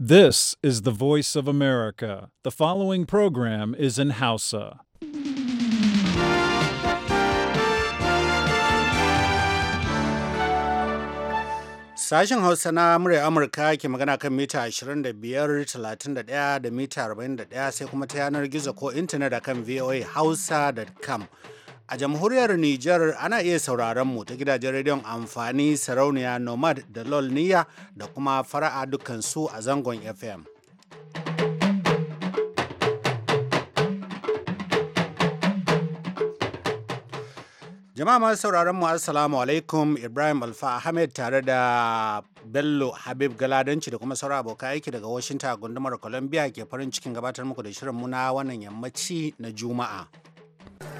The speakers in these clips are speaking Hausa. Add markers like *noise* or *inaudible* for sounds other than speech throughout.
This is the voice of America. The following program is in Hausa. Sashen Hausa na murya Amurka ke magana kan mita 25, 31 da mita 41 sai kuma ta yanar gizo ko intanet akan voahausa.com. A jamhuriyar Nijar ana iya sauraron mu ta gidajen rediyon amfani sarauniya Nomad da LOL Niyya da kuma fara'a dukansu a zangon FM. Jama'a masu sauraron mu assalamu alaikum Ibrahim Alfa Ahmed tare da Bello Habib Galadanci da kuma sauran abokan aiki daga Washington gundumar Columbia ke farin cikin gabatar muku da shirin muna wannan yammaci na Juma'a.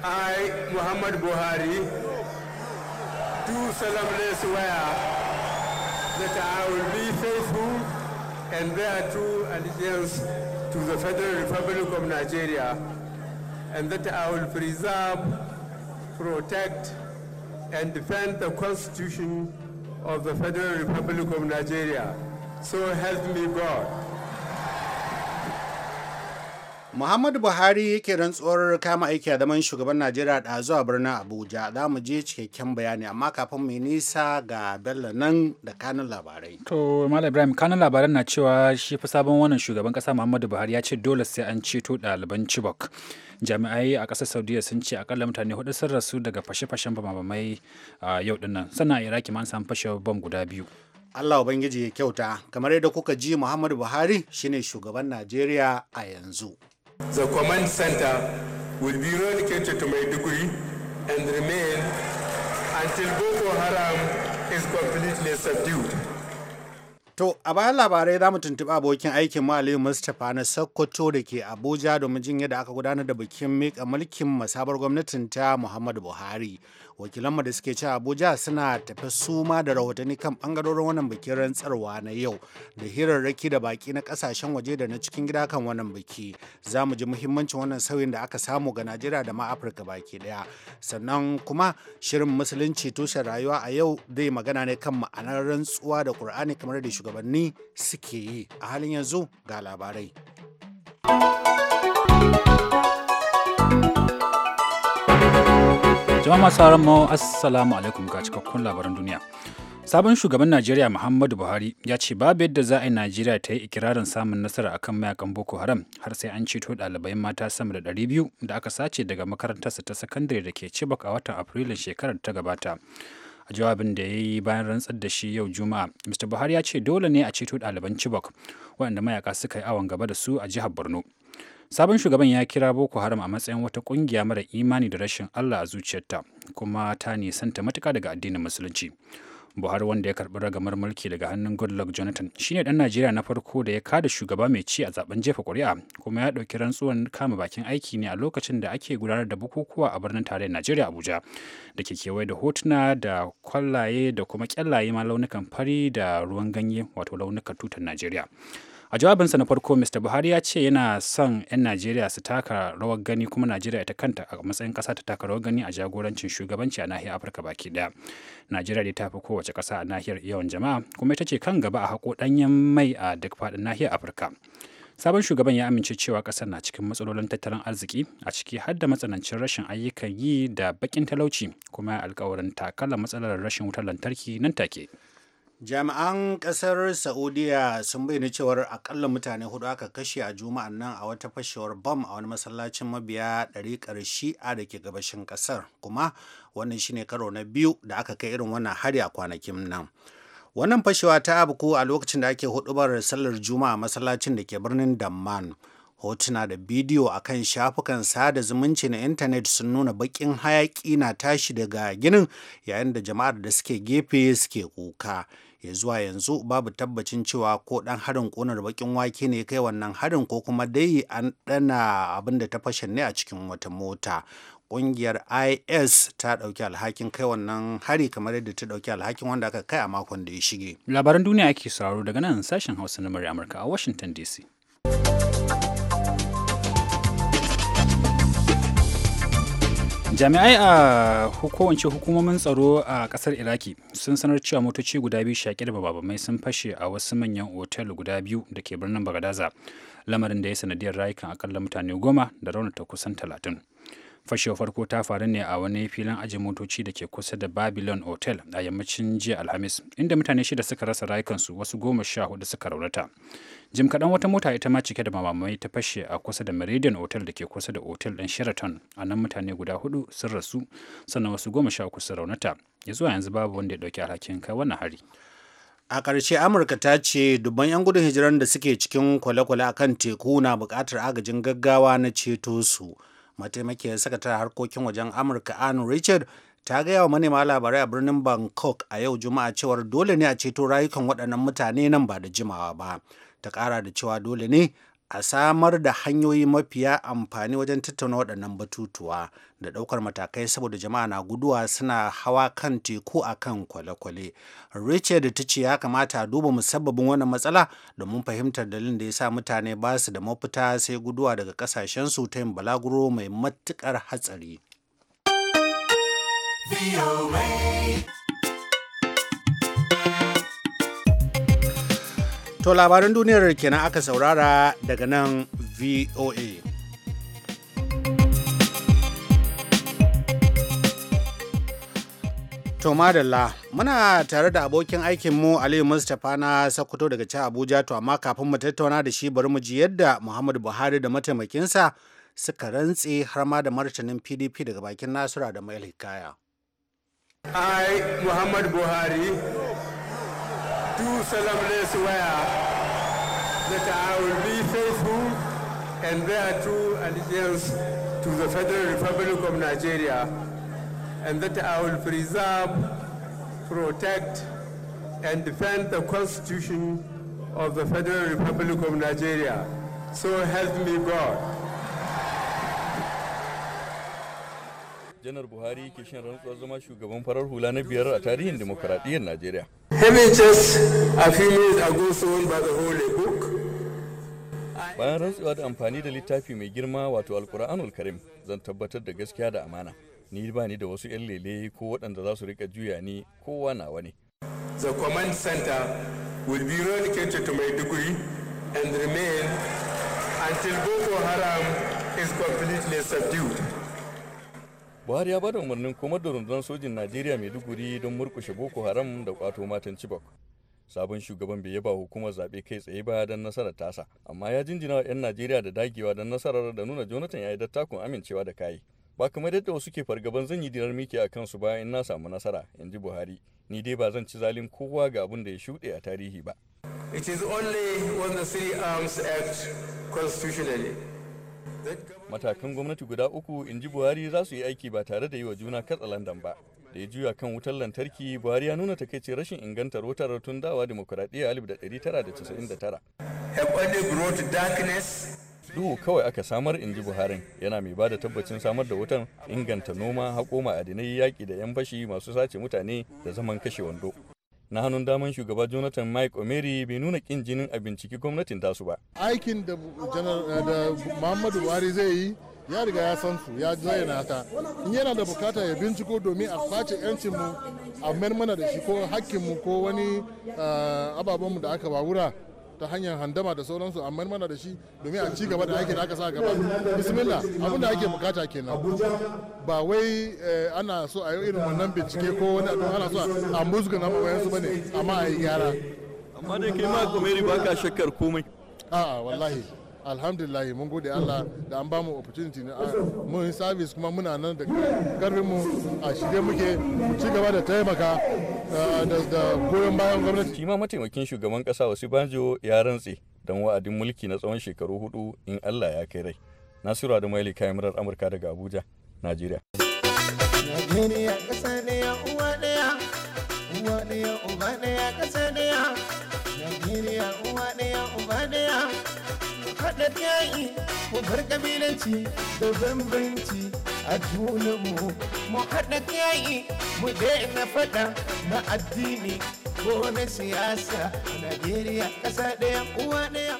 I, Muhammad Buhari, do solemnly swear that I will be faithful and bear true allegiance to the Federal Republic of Nigeria and that I will preserve, protect, and defend the Constitution of the Federal Republic of Nigeria. So help me God. Muhammadu Buhari yake rantsuwar kama aiki a zaman shugaban Najeriya da zuwa birnin Abuja. Za mu je cikakken bayani amma kafin mu nisa ga Bello nan da kanun labarai. To Malam Ibrahim kanun labaran na cewa shi fa sabon wannan shugaban kasa Muhammadu Buhari ya ce dole sai an ceto ɗaliban Chibok. Jami'ai a ƙasar Saudiya sun ce akalla mutane hudu sun rasu daga fashe-fashen bamabamai a yau dinnan. Sannan a Iraki ma an samu fashe bam guda biyu. Allah Ubangiji ya kyauta kamar yadda kuka ji Muhammadu Buhari shine shugaban Najeriya a yanzu. The command center will be relocated to Maiduguri and remain until Boko Haram is completely subdued. To, a bayan labarai za mu tuntuɓi abokin aikin Aliyu Mustapha na Sokoto da ke Abuja domin jin yadda aka gudanar da bikin miƙa mulkin masabar gwamnatin ta Muhammadu Buhari wakilanmu da suke ci abuja suna tafi suma da rahotanni kan bangarorin wannan bikin rantsarwa na yau da hirarraki da baki na kasashen waje da na cikin gida kan wannan biki za mu ji muhimmancin wannan sauyin da aka samu ga najeriya da ma afirka baki daya sannan kuma shirin musulunci tushen rayuwa a yau dai magana ne kan ma'anar rantsuwa da kur'ani kamar da shugabanni suke yi a halin yanzu ga labarai Jama'a masu mu Assalamu alaikum ga cikakkun labaran duniya. Sabon shugaban Najeriya Muhammadu Buhari ya ce babu yadda za a yi Najeriya ta yi ikirarin samun nasara akan mayakan Boko Haram har sai an ceto ɗalibai mata sama da ɗari biyu da aka sace daga makarantarsa ta sakandare da ke Chibok a watan Afrilun shekarar ta gabata. a jawabin da ya yi bayan rantsar da shi yau juma'a mr buhari ya ce dole ne a ceto ɗaliban chibok waɗanda mayaka suka yi awon gaba da su a jihar borno sabon shugaban ya kira boko haram a matsayin wata kungiya mara imani da rashin allah a zuciyarta kuma ta nisanta matuka daga addinin musulunci buhari wanda ya karbi ragamar mulki daga hannun goodluck jonathan shine dan najeriya na farko da ya kada shugaba mai ci a zaben jefa kuri'a kuma ya dauki rantsuwan kama bakin aiki ne a lokacin da ake gudanar da bukukuwa a birnin tarayyar najeriya abuja da ke kewaye da hotuna da kwallaye da kuma kyallaye ma launukan fari da ruwan ganye wato launukan tutar najeriya a jawabinsa na farko mr buhari ya ce yana son 'yan najeriya su taka rawar gani kuma najeriya ita kanta a matsayin kasa ta taka rawar gani a jagorancin shugabanci a nahiyar afirka baki daya najeriya dai ta fi kowace kasa a nahiyar yawan jama'a kuma ita ce kan gaba a hako ɗanyen mai a duk faɗin nahiyar afirka sabon shugaban ya amince cewa kasar na cikin matsalolin tattalin arziki a ciki har da matsanancin rashin ayyukan yi da bakin talauci kuma alkawarin takalar matsalar rashin wutar lantarki nan take jami'an kasar saudiya sun bayyana cewar akalla mutane hudu aka kashe a juma'an nan a wata fashewar bam a wani masallacin mabiya ɗariƙar a da ke gabashin kasar kuma wannan shine karo na biyu da aka kai irin wannan hari a kwanakin nan wannan fashewa ta abuku a lokacin da ake hudubar sallar juma'a masallacin da ke birnin damman hotuna da bidiyo a kan shafukan sada zumunci na intanet sun nuna bakin hayaki na tashi daga ginin yayin da jama'ar da suke gefe suke kuka ya zuwa yanzu babu tabbacin cewa ko dan harin konar bakin wake ne kai wannan harin ko kuma dai an dana abin da ta fashe ne a cikin wata mota ƙungiyar is ta ɗauki alhakin kai wannan hari kamar yadda ta ɗauki alhakin wanda aka kai a makon da ya shige labaran duniya ake sauraro daga nan sashen hausa na murya amurka a washington dc jami'ai a hukumance hukumomin tsaro a kasar iraki sun sanar cewa motoci guda biyu shaƙi da bababamai sun fashe a wasu manyan otel guda biyu da ke birnin bagadaza lamarin da ya sanadiyar rayukan akalla mutane goma da raunata kusan talatin fashewar farko ta faru ne a wani filin ajin motoci da ke kusa da babylon hotel a yammacin jiya alhamis inda mutane shida suka rasa rayukansu wasu goma sha hudu suka raunata jim kaɗan wata mota ita ma cike da mamamai ta fashe a kusa da meridian hotel da ke kusa da hotel ɗin sheraton a nan mutane guda hudu sun rasu sannan wasu goma sha uku sun raunata ya zuwa yanzu babu wanda ya ɗauki alhakin kai wannan hari a ƙarshe amurka ta ce dubban 'yan gudun hijiran da suke cikin kwale-kwale akan teku na buƙatar agajin gaggawa na ceto su mataimakiyar sakataren harkokin wajen amurka ann richard ta gaya wa manema labarai a birnin bangkok a yau juma'a cewar dole ne a ceto rayukan waɗannan mutane nan ba da jimawa ba ta kara da cewa dole ne a samar da hanyoyi mafiya amfani wajen tattauna waɗannan batutuwa da ɗaukar matakai saboda jama'a na guduwa suna hawa kan teku a kan kwale-kwale. Richard ta ce ya kamata a duba musabbabin wannan matsala domin fahimtar dalilin da ya sa mutane ba su da mafita sai guduwa daga ƙasashensu ta yin balaguro mai matuƙar hatsari. To labaran duniyar kenan aka saurara daga nan VOA. To madalla muna tare da abokin aikinmu Aliyu Mustapha na Sokoto daga cikin Abuja to amma kafin mu tattauna da shi bari mu ji yadda Muhammadu Buhari da mataimakinsa suka rantse har ma da martanin PDP daga bakin Nasura da Mail Hikaya. Ai Muhammadu Buhari do solemnly swear that I will be faithful and bear true allegiance to the Federal Republic of Nigeria and that I will preserve, protect, and defend the Constitution of the Federal Republic of Nigeria. So help me God. janar buhari ke shan rantsuwar zama shugaban farar hula na biyar a tarihin demokuraɗiyyar najeriya bayan rantsuwa da amfani da littafi mai girma wato alkur'anul karim zan tabbatar da gaskiya da amana ni ba ni da wasu 'yan lele ko waɗanda za su rika juya ni kowa nawa ne the command center will be relocated to maiduguri and remain until boko haram is completely subdued buhari ya bada umarnin komar da rundunar sojin najeriya mai duguri don murkushe boko haram da kwato matan chibok sabon shugaban bai yaba hukumar zaɓe kai tsaye ba don nasarar tasa amma ya jinjina wa 'yan najeriya da dagewa don nasarar da nuna jonathan ya yi dattakun amincewa da kayi ba kamar yadda wasu ke fargaban zan yi dinar miki a kansu ba in na samu nasara in ji buhari ni dai ba zan ci zalin kowa ga abin da ya shuɗe a tarihi ba it is only when the three arms act constitutionally Matakan gwamnati guda uku in ji Buhari za su yi aiki ba tare da yi wa juna katsalandan ba. Da ya juya kan wutar lantarki, Buhari ya nuna takaici rashin ingantar wutar tun dawa demokuraɗiyya tara Duhu kawai aka samar in ji Buharin yana mai ba da tabbacin samar da wutan inganta noma, haƙo ma'adinai yaƙi da 'yan fashi masu sace mutane da zaman kashe wando. na hannun daman shugaba jonathan mike omeri bai nuna kin jinin a binciki gwamnatin tasu ba aikin eh, da muhammadu buhari zai yi ya riga ya san su ya zayyana ta in yana da bukata ya binciko domin a yancin yancinmu a mana da shi ko hakkinmu ko wani eh, ababenmu da aka ba wura ta hanyar handama da sauransu amma mana da shi domin a ci gaba da aikin da aka sa gaba bismillah abin da ake bukata kenan ba wai eh, ana so a yi irin wannan bincike ko wani abu ana so a na ma su bane amma a yi gyara amma da ke ma kuma ba ka shakkar komai a'a wallahi alhamdulillah mun gode Allah da an bamu opportunity na ah, mun service kuma muna nan da karfin mu a shirye muke ci gaba da taimaka ah, da goyon bayan gwamnati shi mataimakin shugaban kasa wasu banjo ya rantse don wa'adin mulki na tsawon shekaru hudu in Allah ya kai rai Nasiru da kayan murar Amurka daga Abuja Najeriya Najeriya kasa ne ya uwa ɗaya uwa ɗaya uba ɗaya kasa da yaƙi mu bar ƙabilanci da bambanci a junanmu mu haɗa yaƙi mu daina faɗa na addini ko na siyasa Najeriya ƙasa ɗaya uwa ɗaya.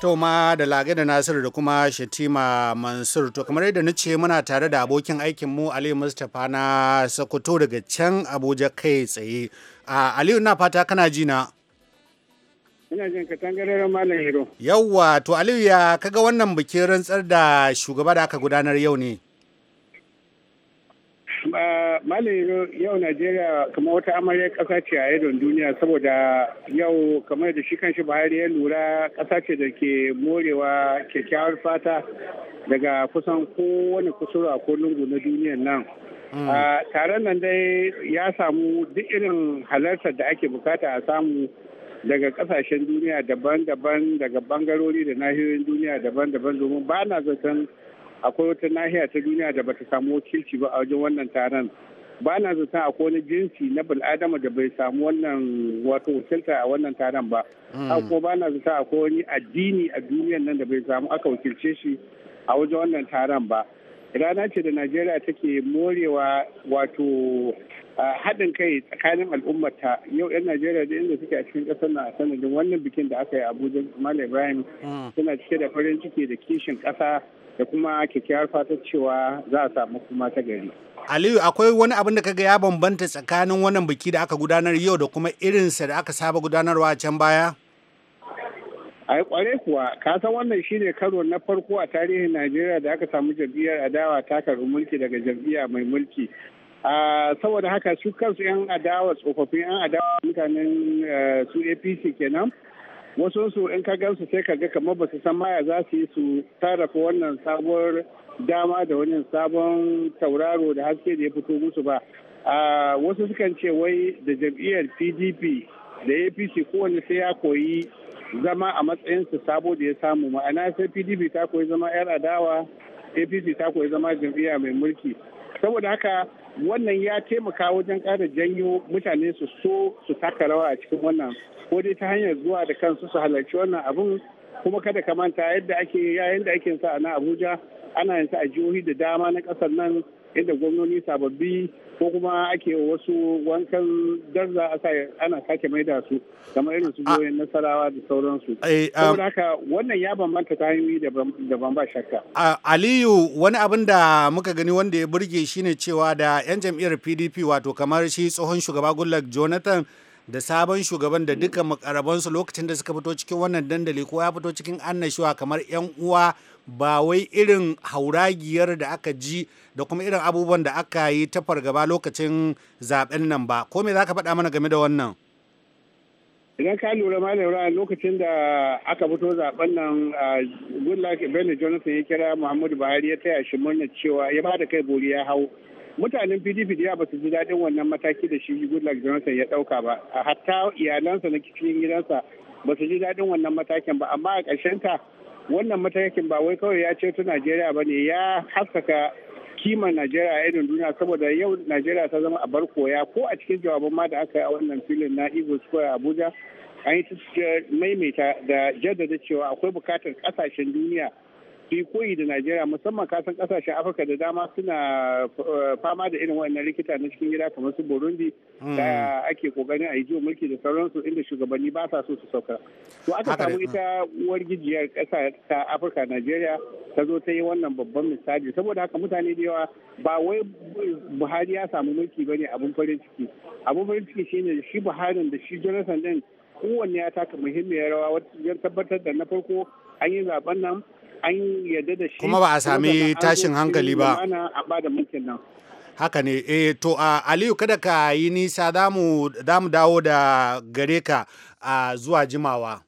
To ma da lage da Nasiru da kuma Shatima Mansur to kamar yadda na ce muna tare da abokin aikin mu Aliyu Mustapha na Sokoto daga can Abuja kai tsaye. Ah, Aliyu na fata kana ji na. Ina jin ka tangararren Malam Hiro. Yawwa, to Aliyu ya kaga wannan bikin rantsar da shugaba da aka gudanar yau ne. Malam Hiro yau Najeriya kamar wata amarya ƙasa ce a yadon duniya saboda yau kamar da shi kanshi Buhari ya lura ƙasa ce da ke morewa kyakkyawar fata daga kusan kowane kusurwa ko lungu na duniyan nan. Mm. taron nan dai ya samu duk irin halartar da ake bukata a samu daga kasashen duniya daban-daban daga bangarori da nahiyoyin duniya daban-daban domin ba na zaton akwai wata nahiya ta duniya da bata samu wakilci ba a wajen wannan taron ba na zaton akwai wani jinsi na bil'adama da bai samu wannan wato wakilta a wannan taron ba hmm. kuma ba na zaton akwai wani addini a duniyan nan da bai samu aka wakilce shi a wajen wannan taron ba rana ce da najeriya take morewa wato haɗin kai tsakanin al'ummata yau 'yan najeriya da inda suke a cikin ƙasar na sanadin wannan bikin da aka yi abuja malam ibrahim mm. suna cike da farin ciki da kishin ƙasa da kuma kyakkyawar fatar cewa za a samu kuma ta gari aliyu akwai wani abin da kaga ya bambanta tsakanin wannan biki da aka gudanar yau da kuma irinsa da aka saba gudanarwa a can baya ai kware kuwa ka san wannan shine karo na farko a tarihin najeriya da aka samu jam'iyyar adawa ta karbi mulki daga jam'iyya mai mulki saboda haka su kansu yan adawa tsofaffin yan adawa mutanen eh, su apc kenan wasu su in ka gansu sai ka ga kamar ba su san maya za su yi su sarrafa wannan sabuwar dama da wani sabon tauraro da haske da ya fito musu ba wasu sukan ce wai da jam'iyyar pdp da apc kowane sai ya koyi zama a matsayinsu sabo da ya samu ma'ana sai pdp ta koyi zama 'yar adawa apc ta koyi zama jam'iyya mai mulki saboda haka wannan ya taimaka wajen kara janyo mutane su so su taka rawa a cikin wannan ko dai ta hanyar zuwa da kansu su halarci wannan abun kuma kada ka manta yadda ake yayin da ake sa a na abuja ana yin sa a jihohi da dama na ƙasar nan inda gwamnoni sababbi ko kuma ake wasu wankan garza ana sake maida su kamar irin su goyon nasarawa da sauransu. Eh, um, Saboda haka wannan ya bambanta ta hanyoyi ban ba shakka. Aliyu wani abin da muka gani wanda ya burge shine cewa da 'yan jam'iyyar PDP wato kamar shi tsohon shugaba Goodluck Jonathan da sabon shugaban da duka makarabansu lokacin da suka fito cikin wannan dandali ko ya fito cikin annashuwa kamar yan uwa ba wai irin hauragiyar da aka ji da kuma irin abubuwan da aka yi ta fargaba lokacin zaben nan ba ko me za ka faɗa mana game da wannan idan ka lura ma lura lokacin da aka fito zaben nan goodluck bello jonathan ya kira muhammadu buhari ya taya shi murna cewa ya ba da kai bori ya hau mutanen pdp da ba su ji daɗin wannan mataki da shi goodluck johnson ya ɗauka ba a hatta iyalansa na cikin gidansa ba su ji daɗin wannan matakin ba amma a ta wannan matakin ba wai kawai ya ceto najeriya ba ne ya haskaka kiman najeriya a irin duniya saboda yau najeriya ta zama a bar koya ko a cikin jawabin ma da aka yi a wannan filin na eagle square abuja an yi maimaita da jaddada cewa akwai bukatar kasashen duniya su koyi da Najeriya musamman kasan kasashen Afirka da dama suna eh, fama da irin wannan likita na cikin gida kamar su Burundi hmm. da ake kokarin a yi mulki da sauransu inda shugabanni ba sa so su sauka. To aka samu ita uwargijiyar kasa ta Afirka Najeriya ta zo ta yi wannan babban misali saboda haka mutane da yawa ba wai Buhari ya samu mulki bane abun farin ciki. Abun farin ciki shine shi buhari da shi Jonathan din kowanne ya taka muhimmiyar rawa wajen tabbatar da na farko an yi zaben nan an yadda da shi kuma ba a sami tashin hankali ba haka ne eh to a aliyu kada ka yi nisa za mu dawo da gare ka a zuwa jimawa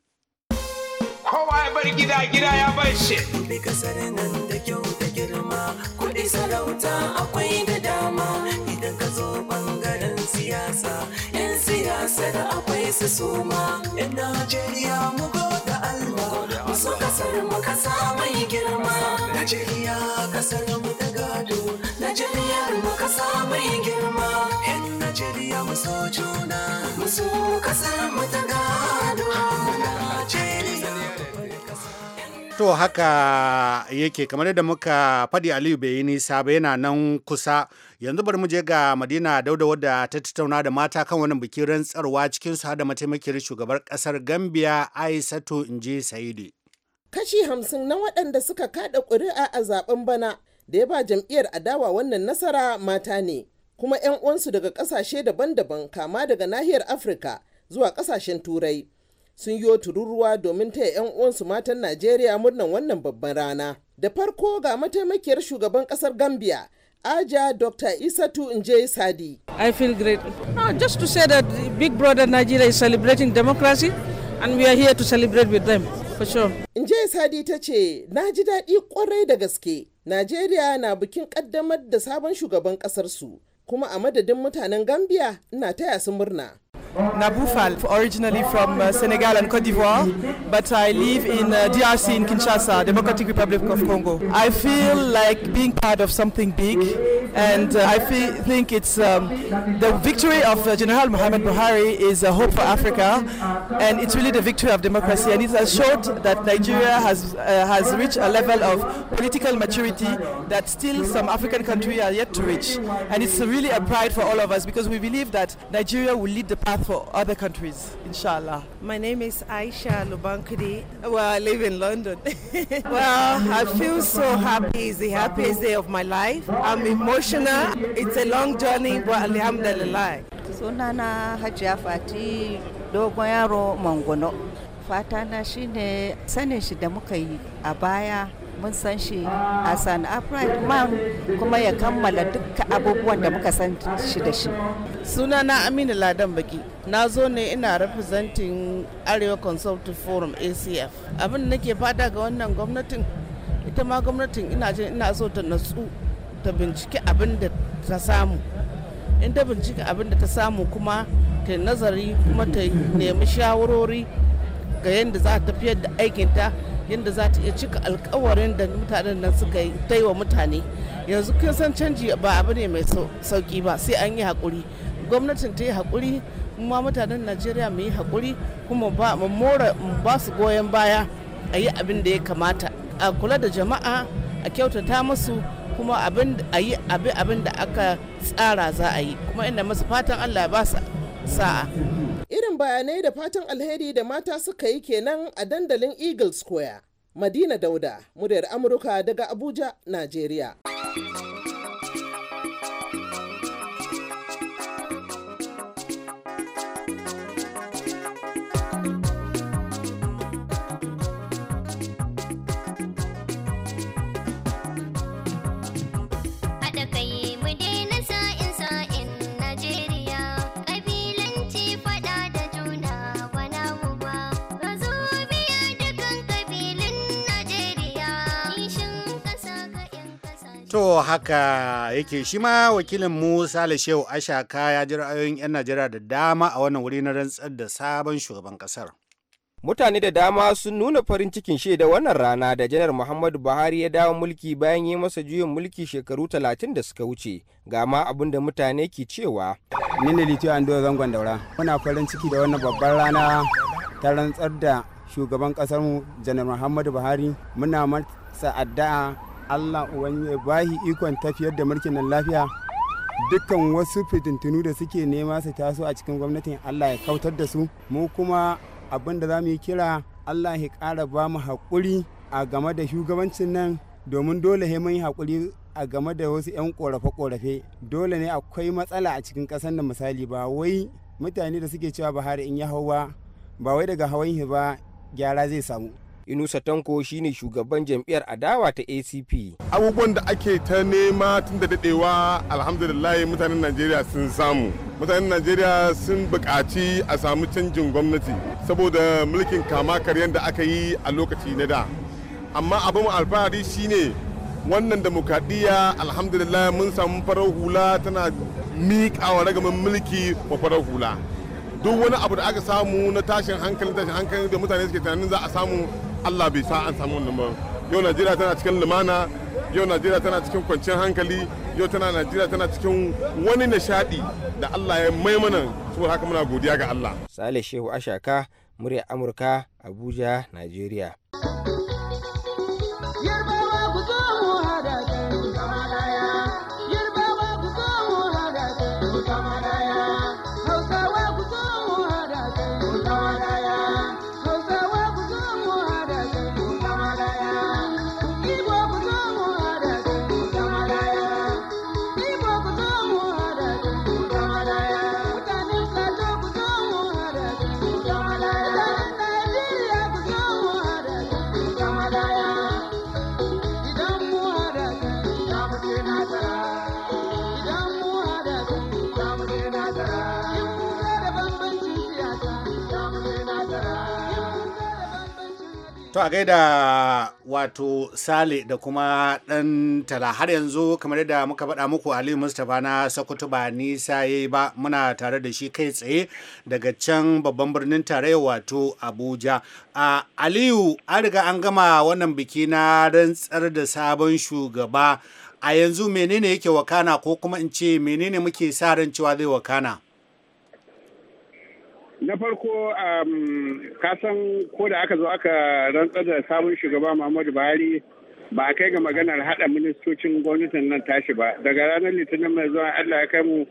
kowa ya bar gida gida ya bar shi kudi kasar nan da kyau da girma kuɗi sarauta akwai da dama idan ka zo bangaren siyasa 'yan siyasa da sai su suma najeriya mu da allah kasar mu kasa mai girma najeriya kasar mu ta gado najeriya mu kasa mai girma yan najeriya mu so juna musu kasar mu ta gado To haka yake kamar yadda muka faɗi Aliyu bai yi nisa ba yana nan kusa yanzu bari mu je ga madina dauda wadda ta tattauna da mata kan wani bikin rantsarwa cikin su da mataimakiyar shugabar kasar gambia aisatu inji saidi kashi hamsin na waɗanda suka kada ƙuri'a a zaben bana da ya ba jam'iyyar adawa wannan nasara mata ne kuma 'yan uwansu daga ƙasashe daban-daban kama daga nahiyar afirka zuwa ƙasashen turai sun yi tururuwa domin taya 'yan uwansu matan najeriya murnan wannan babban rana da farko ga mataimakiyar shugaban ƙasar gambia Aja Dr. Isatu Nje Sadi. I feel great. No, just to say that Big Brother Nigeria is celebrating democracy and we are here to celebrate with them. For sure. Nje Sadi ta ce, na ji daɗi kwarai da gaske. Najeriya na bikin ƙaddamar da sabon shugaban ƙasarsu, kuma a madadin mutanen Gambia ina taya su murna. Naboufal, originally from uh, Senegal and Cote d'Ivoire, but I live in uh, DRC in Kinshasa, Democratic Republic of Congo. I feel like being part of something big, and uh, I think it's um, the victory of uh, General Mohamed Buhari is a hope for Africa, and it's really the victory of democracy, and it has showed that Nigeria has uh, has reached a level of political maturity that still some African countries are yet to reach, and it's really a pride for all of us because we believe that Nigeria will lead the path for other countries, inshallah. My name is Aisha Lubankudi. Well, I live in London. *laughs* well, I feel so happy. It's the happiest day of my life. I'm emotional. It's a long journey, but alhamdulillah. Sunana Hajiya Fati Yaro Fatana shine sanin shi da muka yi a baya mun san shi a san upright man kuma ya kammala duka abubuwan da muka san shi da shi suna na aminu ladan baki na zo ne ina representing arewa consultative forum acf abin da nake fada ga wannan gwamnatin ita ma gwamnatin ina jin ina so ta natsu ta binciki abin da ta samu in ta binciki abin da ta samu kuma ta nazari kuma ta nemi shawarori ga yadda za ta tafiyar da aikinta yadda za ta iya cika alkawarin da mutanen nan suka yi ta yi wa mutane yanzu kun san canji ba abu ne mai sauki ba sai an yi haƙuri gwamnatin ta yi haƙuri kuma mutanen najeriya mu yi haƙuri kuma mu more ba su goyon baya a yi abin da ya kamata a kula da jama'a a kyautata musu kuma abin a yi abin da aka tsara za a yi kuma inda masu fatan allah ba sa'a irin bayanai da fatan alheri da mata suka yi kenan a dandalin eagle square Madina Dauda, muryar Amurka daga Abuja, Najeriya. To haka yake shi ma wakilin musa Sale Shehu Ashaka ya ji ra'ayoyin 'yan Najeriya da dama a wannan wuri na rantsar da sabon shugaban kasar. Mutane da dama sun nuna farin cikin da wannan rana da janar Muhammadu Buhari ya dawo mulki bayan yi masa juyin mulki shekaru talatin da suka wuce ga ma abin da mutane ke cewa. Ni ne Litiyo Ando Zangon Daura. Muna farin ciki da wannan babban rana ta rantsar da shugaban kasarmu janar Muhammadu Buhari. Muna masa addu'a allah uban ya bahi ikon tafiyar da mulkin nan lafiya dukkan wasu fitintunu da suke nema su taso a cikin gwamnatin allah ya kautar da su mu kuma abin da za mu yi kira allah ya kara ba mu haƙuri a game da shugabancin nan domin dole he mun yi haƙuri a game da wasu 'yan ƙorafe-ƙorafe dole ne akwai matsala a cikin ƙasar da misali ba wai mutane da suke cewa buhari in ya hau ba ba wai daga hawan ba gyara zai samu Inusa Tanko shine shugaban jam'iyyar adawa ta ACP. Abubuwan da ake ta nema tun da dadewa alhamdulillah mutanen Najeriya sun samu. Mutanen Najeriya sun buƙaci a samu canjin gwamnati saboda mulkin kama karyar da aka yi a lokaci na da. Amma abin alfahari shine wannan demokradiyya alhamdulillah mun samu farar hula tana miƙawa ragamin mulki wa farar hula. duk wani abu da aka samu na tashin hankali tashin hankali da mutane suke tunanin za a samu allah bai sa an samu wannan ba yau najeriya tana cikin lumana yau najeriya tana cikin kwanciyar hankali yau tana najeriya tana cikin wani nishadi da allah ya maimana saboda haka muna godiya ga allah sale shehu ashaka murya amurka abuja najeriya a gaida wato Sale da kuma ɗan tala har yanzu kamar yadda muka faɗa muku Aliyu Mustapha na Sokoto ba nisa ya ba muna tare da shi kai tsaye daga can babban birnin tarayya wato Abuja. A Aliyu an riga an gama wannan biki na rantsar da sabon shugaba a yanzu menene yake wakana ko kuma in ce menene muke sa ran cewa zai wakana? na farko um, ka san ko da aka zo aka rantsar da sabon shugaba muhammadu buhari ba a kai ga maganar hada ministocin gwamnatin nan tashi ba daga ranar litinin mai zuwa allah ya kai mu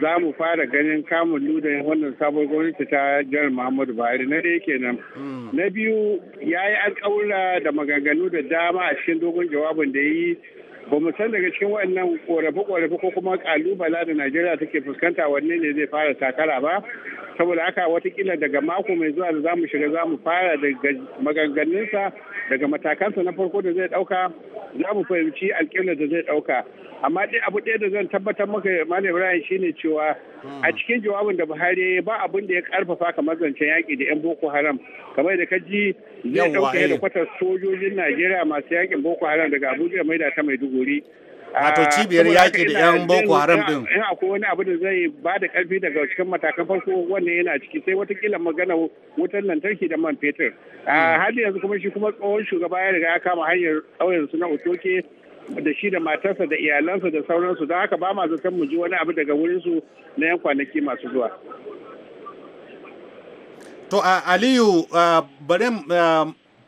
za mu fara ganin kamun ludan wannan sabon gwamnati ta jihar muhammadu buhari na ɗaya kenan hmm. na biyu yayi yi alƙawura da maganganu da dama a cikin dogon jawabin da ya yi ba mu san daga cikin waɗannan ƙorafe-ƙorafe ko kuma ƙalubala da najeriya take fuskanta wanne ne zai fara takara ba saboda haka watakila daga mako mai zuwa da za mu shiga za mu fara daga maganganunsa daga matakansa na farko da zai dauka za mu fahimci alƙiblar da zai dauka amma dai abu ɗaya da zan tabbatar maka malam ibrahim shine cewa a hmm. cikin jawabin da buhari ba abin da ya karfafa kamar zancen yaƙi da yan boko haram kamar da kaji zai dauka eh. da kwatar sojojin najeriya masu yaƙin boko haram daga abuja mai da ta maiduguri wato ah, cibiyar yaƙi da 'yan boko haram din in akwai wani abu da zai ba da karfi daga cikin matakan farko wannan yana ciki sai watakila magana wutar lantarki da man fetur ah, hmm. har yanzu kuma shi kuma tsohon shugaba ya riga ya kama hanyar ƙauyen su na otoke da shi da matarsa da iyalansa da sauransu don haka ba ma zaton mu ji wani abu daga wurinsu na 'yan kwanaki masu zuwa To ah, Aliyu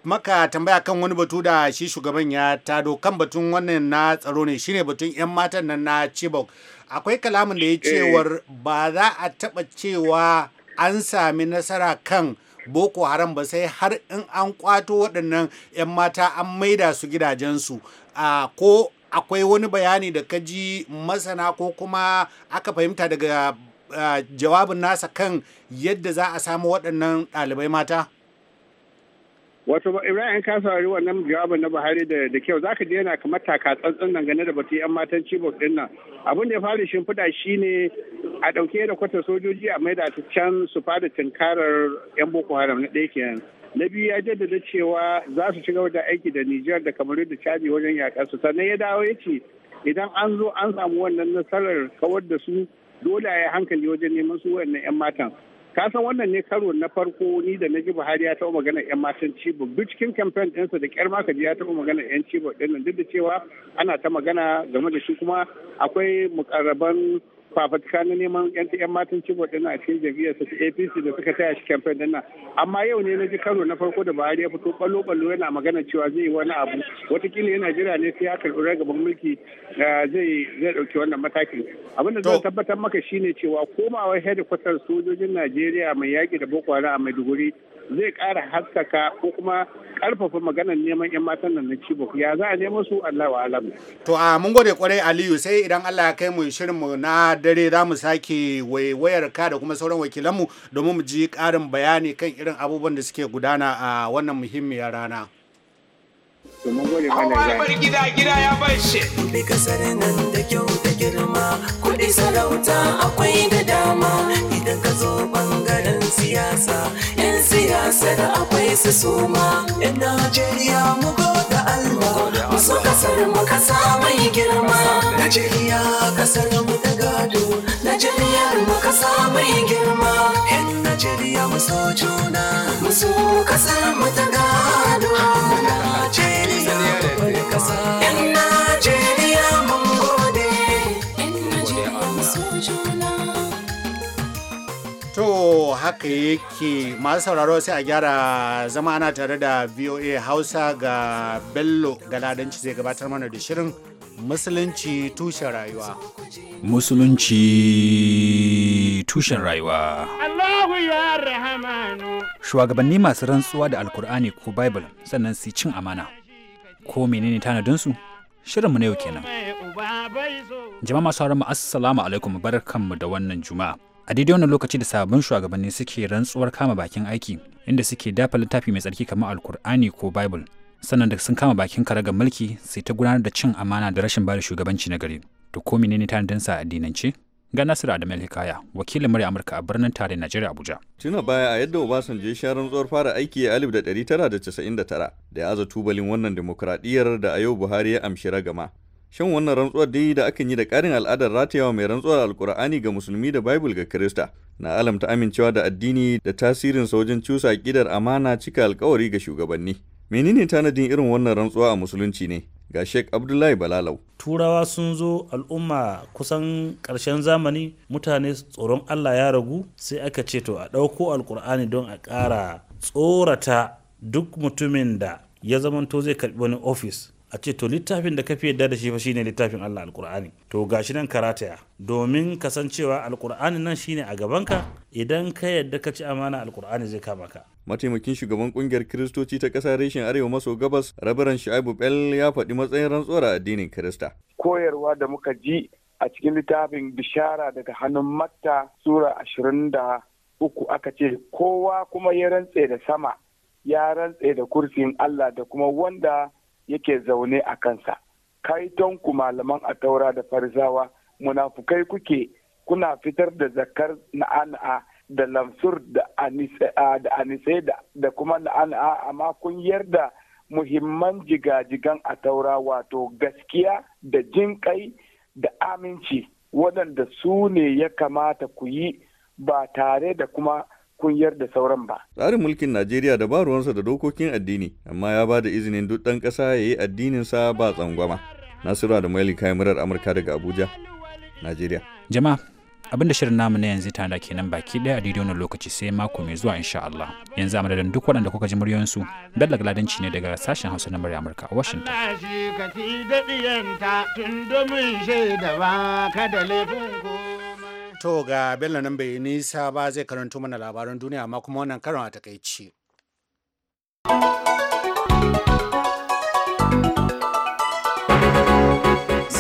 maka tambaya kan wani batu da shi shugaban ya tado kan batun wannan na tsaro ne shine batun 'yan matan nan na Chibok. Akwai kalamin da ya cewar eh. ba za a taɓa cewa an sami nasara kan Boko Haram ba sai har in an kwato waɗannan 'yan mata an maida su gidajensu. A ko akwai wani bayani da ka ji masana ko kuma aka fahimta daga jawabin nasa kan yadda za a samu waɗannan ɗalibai mata? wato ibrahim ka saurari wannan jawabin na buhari da kyau zaka je yana kamar taka tsantsan gane da batu yan matan chibok din nan abin da ya fara shimfiɗa shine a ɗauke da kwata sojoji a maida ta can su fada tunkarar yan boko haram na ɗaya kenan na biyu ya jaddada cewa za su ci gaba da aiki da nijar da kamaru da chadi wajen yaƙa su sannan ya dawo ya ce idan an zo an samu wannan nasarar kawar da su dole a hankali wajen neman su wannan yan matan ka wannan ne karo na farko ni da na ji buhari ya taɓa magana yan matan cibo duk cikin kamfen ɗinsa da kyar makaji ya taɓa magana yan cibo ɗin duk da cewa ana ta magana game da shi kuma akwai mukarraban fafatika na neman yan yan matan cibo din a cikin jam'iyyar su APC da suka taya shi kamfen din amma yau ne na ji karo na farko da Buhari ya fito ballo ballo yana magana cewa zai yi wani abu watakila yana jira ne sai ya karɓi ragaban mulki eh, zai zai dauki wannan matakin abinda zai tabbatar maka shine cewa komawar hedikwatar sojojin Najeriya mai yaki da Boko Haram a Maiduguri zai kara haskaka ko kuma ƙarfafa maganar neman 'yan matan nan na cibo ya za a nemo su Allah wa alam. To a mun gode kwarai Aliyu sai idan Allah ya kai mu shirin mu na dare za mu sake wayar ka da kuma sauran wakilanmu domin mu ji ƙarin bayani kan irin abubuwan da suke gudana a wannan muhimmiyar rana. domin gode mana ya bar gida gida ya bar shi bi kasar nan da kyau da girma kuɗi sarauta akwai da dama idan ka zo bangaren siyasa yan siyasar akwai su suma yan najeriya mu da alma mu so kasar mu kasa mai girma najeriya kasar mu da gado najeriyar mu kasa mai girma yan najeriya mu so juna mu so kasar mu ta gado najeriya To haka yake masu sauraro sai a gyara zama ana tare da VOA Hausa ga Bello ga ladanci zai gabatar mana da shirin Musulunci tushen rayuwa. Musulunci tushen rayuwa. Allahu ya rahamanu. Shugabanni masu rantsuwa da Alkur'ani ko Bible sannan su cin amana. Ko menene tanadinsu? su? Shirinmu na yau kenan. Jama'a masu mu assalamu alaikum barkanmu da wannan juma'a. A daidai wannan lokaci da sabbin shugabanni suke rantsuwar kama bakin aiki inda suke dafa littafi mai tsarki kamar Alkur'ani ko Bible. Sannan da sun kama bakin karagar mulki sai ta gudanar da cin amana da rashin bada shugabanci na gari. To ko menene tanadinsa addinance? ga Nasiru Adamu Hikaya, wakilin murya Amurka a birnin tare Najeriya Abuja. Tuna baya a yadda Obasanjo ya sharan tsohuwar fara aiki a 1999 da ya aza tubalin wannan demokuraɗiyyar da a yau Buhari ya amshi ragama. Shan wannan rantsuwar dai da akan yi da ƙarin al'adar ratayawa mai rantsuwar Alƙur'ani ga Musulmi da Bible ga Kirista na alamta amincewa da addini da tasirin wajen cusa kidar amana cika alƙawari ga shugabanni. Menene tanadin irin wannan rantsuwa a Musulunci ne? ga Sheikh Abdullahi Balalau. Turawa sun zo al'umma kusan ƙarshen zamani mutane tsoron Allah ya ragu sai aka ce to a ɗauko alkur'ani don a ƙara tsorata duk mutumin da ya zamanto zai karɓi wani ofis a ce to littafin da ka fi yadda da shi fa shine littafin Allah alkur'ani to gashi nan karataya domin kasancewa alkur'ani nan shine a gabanka idan ka yadda ka ci amana alkur'ani zai kama ka mataimakin shugaban kungiyar kiristoci ta ƙasar reshen arewa maso gabas rabaran shu'aibu bel ya faɗi matsayin rantsuwar addinin kirista koyarwa da muka ji a cikin littafin bishara daga hannun matta sura ashirin da uku aka ce kowa kuma ya rantse da sama ya rantse da kursin allah da kuma wanda yake zaune a kansa kaiton ku malaman a taura da farisawa munafukai kuke kuna fitar da zakar na'a na'a da lamsur da anise da kuma la'ana amma kun yarda muhimman jigajigan a taura wato gaskiya da jinƙai da aminci waɗanda su ne ya kamata ku yi ba tare da kuma kunyar da sauran ba. Tsarin mulkin Najeriya da ba ruwansa da dokokin addini, amma ya ba da izinin duk ɗan ƙasa ya yi addininsa ba tsangwama. Nasiru da Maili kayan murar Amurka daga Abuja, Najeriya. Jama'a, abinda shirin namu na yanzu tana da kenan baki daya a daidai wannan lokaci sai mako mai zuwa insha Allah yanzu a madadin duk waɗanda kuka ji muryoyinsu Bello Gladanci ne daga sashen Hausa na murya Amurka a Washington To ga Bello nan bai nisa ba zai karanto mana labaran duniya amma kuma wannan karon a takaici.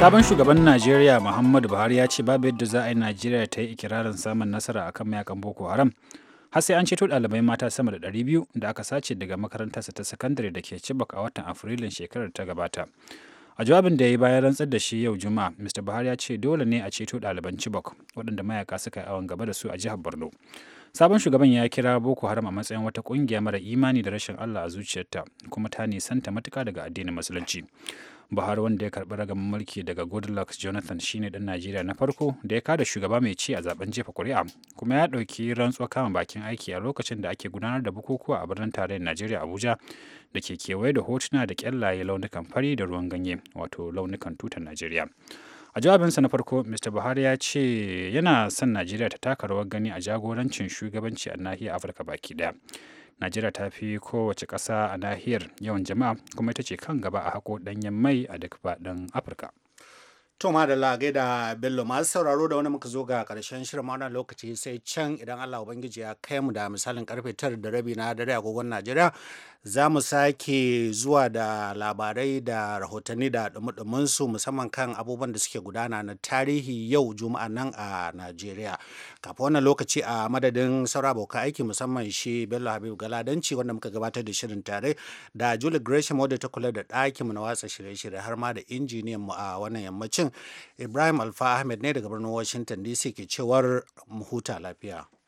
sabon shugaban najeriya muhammadu buhari ya ce babu yadda za a yi najeriya ta yi ikirarin samun nasara akan mayakan boko haram har sai an ceto ɗalibai mata sama da 200 da aka sace daga makarantarsa ta sakandare da ke cibak a watan afrilun shekarar ta gabata a jawabin da ya yi bayan rantsar da shi yau juma'a mr buhari ya ce dole ne a ceto ɗaliban chibok waɗanda mayaka suka yi awon gaba da su a jihar borno sabon shugaban ya kira boko haram a matsayin wata ƙungiya mara imani da rashin allah a zuciyarta kuma ta nisanta matuka daga addinin musulunci buhari wanda ya karɓi ragamin mulki daga goodluck jonathan shine dan najeriya na farko da ya kada shugaba mai ci a zaben jefa kuri'a kuma ya ɗauki rantsuwa kama bakin aiki a lokacin da ake gudanar da bukukuwa a birnin tarayyar najeriya abuja da ke kewaye da hotuna da ƙyallaye launukan fari da ruwan ganye wato launukan tutar najeriya a jawabinsa na farko mr buhari ya ce yana son najeriya ta taka rawar gani a jagorancin shugabanci a nahiyar afirka baki ɗaya. najeriya ta fi kowace ƙasa a nahiyar yawan jama'a kuma ita ce kan gaba a hako ɗanyen mai a duk faɗin afirka To da gaida Bello masu sauraro da wani muka zo ga karshen shirin wannan lokaci sai can idan Allah Ubangiji ya kai mu da misalin karfe tara da rabi na dare agogon Najeriya za mu sake zuwa da labarai da rahotanni da dumudumunsu musamman kan abubuwan da suke gudana na tarihi yau juma'a nan a najeriya kafin wannan lokaci a madadin saura abokan aiki musamman shi bello habib galadanci wanda muka gabatar da shirin tare da julie gresham wadda ta kula da ɗakin na watsa shirye-shirye har ma da injiniyan mu a wannan yammacin ibrahim alfa ahmed ne daga birnin washington dc ke cewar mu huta lafiya